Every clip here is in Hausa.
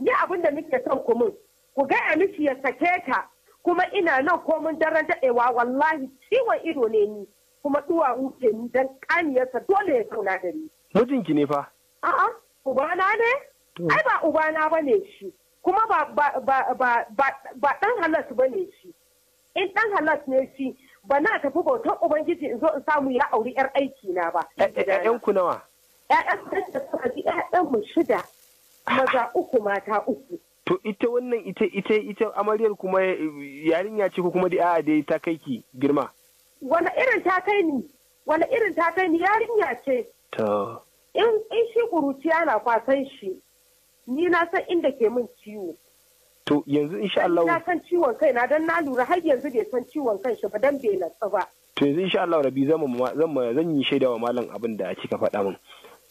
Ni abin da nake son ku mun, ku ga amishi ya sake ta, kuma ina nan komin daren daɗewa wallahi ciwon ido ne ni, kuma duwawu ke ni don kaniyarsa dole ya zauna da ni. Mijinki ne fa? A'a, ubana ne? Ai ba ubana ba ne shi, kuma ba ɗan halas ba ne shi. In ɗan halas ne shi, ba na tafi bautan Ubangiji in zo in samu ya auri 'yar aiki na ba. ku nawa? ‘Ya'yan da suka ji ‘ya'yan mu shida. maza uku mata uku to ita wannan ita ita ita amaryar kuma eh, yarinya ce ko kuma da a'a dai ta kai ki girma wani irin ta kai ni wani irin ta kai ni yarinya ce to in in shi kuruciya na kwasan shi ni na san inda ke min ciwo to yanzu insha Allah na san ciwon kai na dan na lura har yanzu bai san ciwon kan shi ba dan bai natsu ba to yanzu insha Allah rabi zan zan yi shaida wa malam abin da cika faɗa min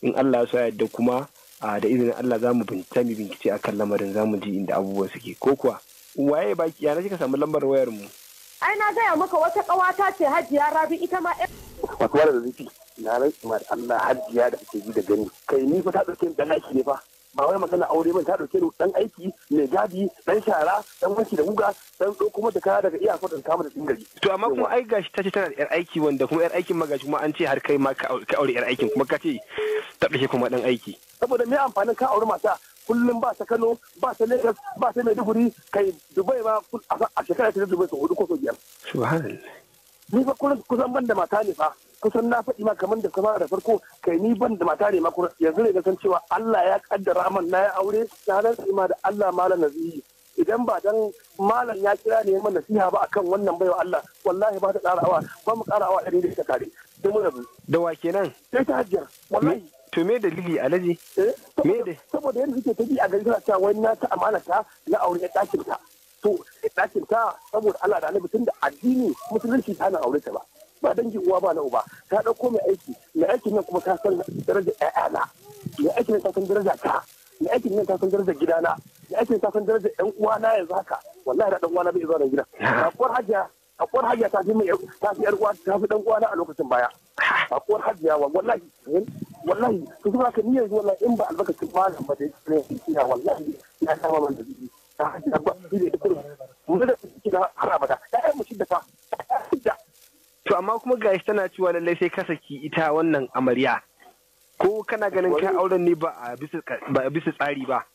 in Allah ya sa yadda kuma A da izinin Allah za mu bincike akan lamarin za mu ji inda abubuwan suke ko kuwa waye baki yana kika samu lambar wayar mu ai na gaya maka wata kawata ce hajiya rabi ita ma wato da zafi na rantsi ma Allah hajiya da ake ji da gani kai ni fa ta dauke da naki ne fa ba wai magana aure ba ta dauke da dan aiki mai gadi dan shara dan wanki da guga dan kuma da kaya daga iyakar da kama da singari to amma kuma ai gashi ta ce tana da yar aiki wanda kuma yar aikin ma gashi kuma an ce har kai ma ka aure yar aikin kuma ka ce ta dauke kuma dan aiki saboda me amfanin ka auri mata kullum ba ta Kano ba ta Lagos ba ta Maiduguri kai Dubai ma a shekara ta Dubai ko hudu ko so biyar subhanallah ni fa kusan ban da mata ne fa kusan na faɗi ma kamar da kamar da farko kai ni ban da mata ne ma yanzu ne san cewa Allah ya kaddara man na ya aure na rantsi ima da Allah malam nazihi idan ba dan malam ya kira ne mana nasiha ba akan wannan baiwa Allah wallahi ba ta ƙara ba mu ƙara awa ɗari da ta kare da wa kenan sai ta hajjar wallahi To me dalili alaji? Eh, me saboda yadda suke ta bi a gari suna cewa wani na ta amana ta na aure ya dakin ta. To dakin ta saboda Allah da Annabi tunda addini musulunci ta na aure ta ba. Ba dangin uwa ba na uba ta ɗauko mai aiki mai aikin nan kuma ta san daraja ƴaƴana mai aikin nan ta san daraja ta mai aikin nan ta san daraja gidana mai aikin ta san daraja ƴan uwana yanzu haka wallahi da ɗan uwana bai zo da gidan. Akwai hajiya akwai hajiya ta fi mai ta fi yar uwa ta fi dan uwana a lokacin baya akwai hajiya wallahi wallahi su zuwa ka niyyar zuwa in ba albarkacin malam ba da ne ya wallahi ya kama man da zubi ta hajji da gwamnati da ita mu da suke da harama da ya mu shidda fa to amma kuma gashi tana cewa lallai sai ka saki ita wannan amarya ko kana ganin kai auren ne ba a bisa tsari ba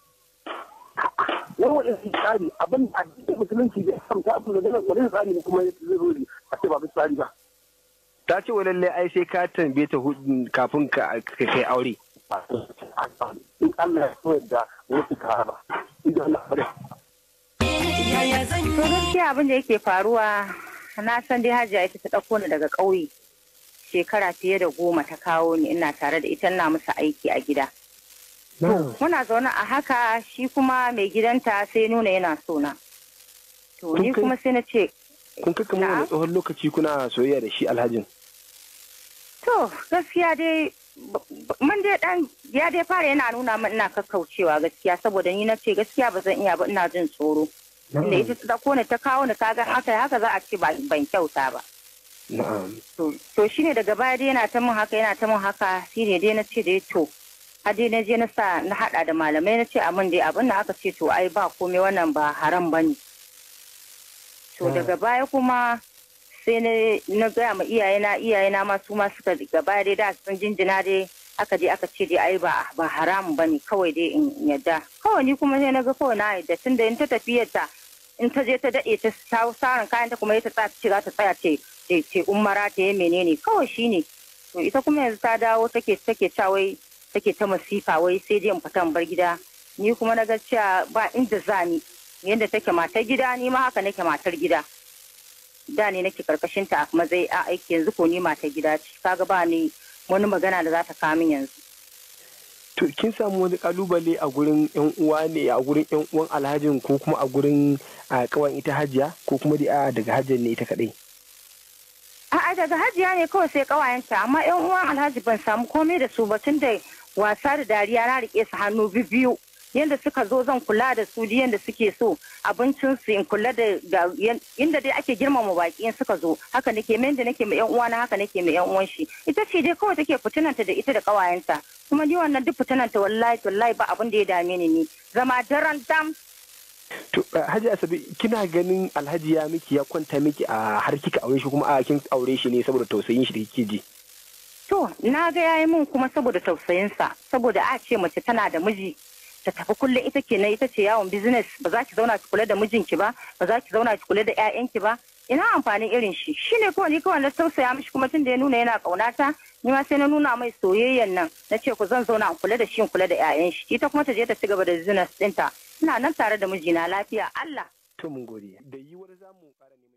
wani wani tsari abin da musulunci bai samta abin da zai wani tsari ne kuma ya zai a ce ba bisa tsari ba ta ce wa lallai ai sai ka tambaye ta kafin ka kai aure gaskiya abin da yake faruwa na san dai hajiya ita ta ɗauko ni daga ƙauye shekara fiye da goma ta kawo ni ina tare da ita na musu aiki a gida muna zaune a haka shi kuma mai gidanta sai nuna yana na. to ni kuma sai na ce kun kai wani tsohon lokaci kuna soyayya da shi alhajin gaskiya dai mun dai dan ya dai fara yana nuna min ina kakkaucewa gaskiya saboda ni na ce gaskiya ba zan iya ba ina jin tsoro. Da ita ta ko ta kawo ni ga haka haka za a ce ban kyauta ba. To shi daga baya dai yana ta min haka yana ta min haka shi ne dai na ce dai to har dai na je na sa na hada da malamai na ce a mun dai abin da aka ce to ai ba komai wannan ba haram bane. To daga baya kuma sai na gaya ma iyayena iyayena ma su ma suka gaba dai da sun jinjina dai aka je aka ce dai ai ba ba haram bane kawai dai in yadda kawai ni kuma sai na ga kawai na yadda tunda in ta ta in ta je ta dade ta sarin kayan ta kuma ita ta ce za ta tsaya ce ce umara ta yi menene kawai shine to ita kuma yanzu ta dawo take take ta wai take ta masifa wai sai dai in fita bar gida ni kuma na ga cewa ba inda za ni yadda take matar gida ni ma haka nake matar gida da ne nake karkashin ta a matsayi a aiki yanzu ko ni mata gida ce kaga ba ni wani magana da za ta kamin yanzu to kin samu wani kalubale a gurin yan uwa ne a gurin yan uwan alhajin ko kuma a gurin a kawan ita hajiya ko kuma da daga Hajiya ne ita kadai a'a daga hajiya ne kawai sai kawayenta amma yan uwan alhaji ban samu komai da su ba tun da wasa da dariya na rike su hannu biyu Yadda suka zo zan kula da su yadda suke so abincin su in kula da inda dai ake girmama baki in suka zo haka nake mai da nake ma yan uwana haka nake ma yan uwan shi ita ce dai kawai take fitinanta da ita da kawayenta kuma ni wannan duk fitinanta wallahi wallahi ba abin da ya dame ni ni zama daren dam To eh, Hajji Asabe kina ganin Alhaji ya miki ya kwanta miki a har kika aure shi kuma a kin aure shi ne saboda tausayin shi da kike ji. To na ga yayi min kuma saboda tausayinsa saboda a ce mace tana da miji ta tafi kullum ita ke ita ce yawon business ba za ki zauna ki kula da mijinki ba ba za ki zauna ki kula da 'ya'yanki ba ina amfanin irin shi shi kawai ni kawai na tausaya mishi kuma tun da ya nuna yana ƙaunata ni ma sai na nuna mai soyayyan nan na ce ku zan zauna in kula da shi kula da 'ya'yan shi ita kuma ta je ta ci gaba da business ɗinta ina nan tare da mijina lafiya Allah to mun gode da yiwuwar zamu fara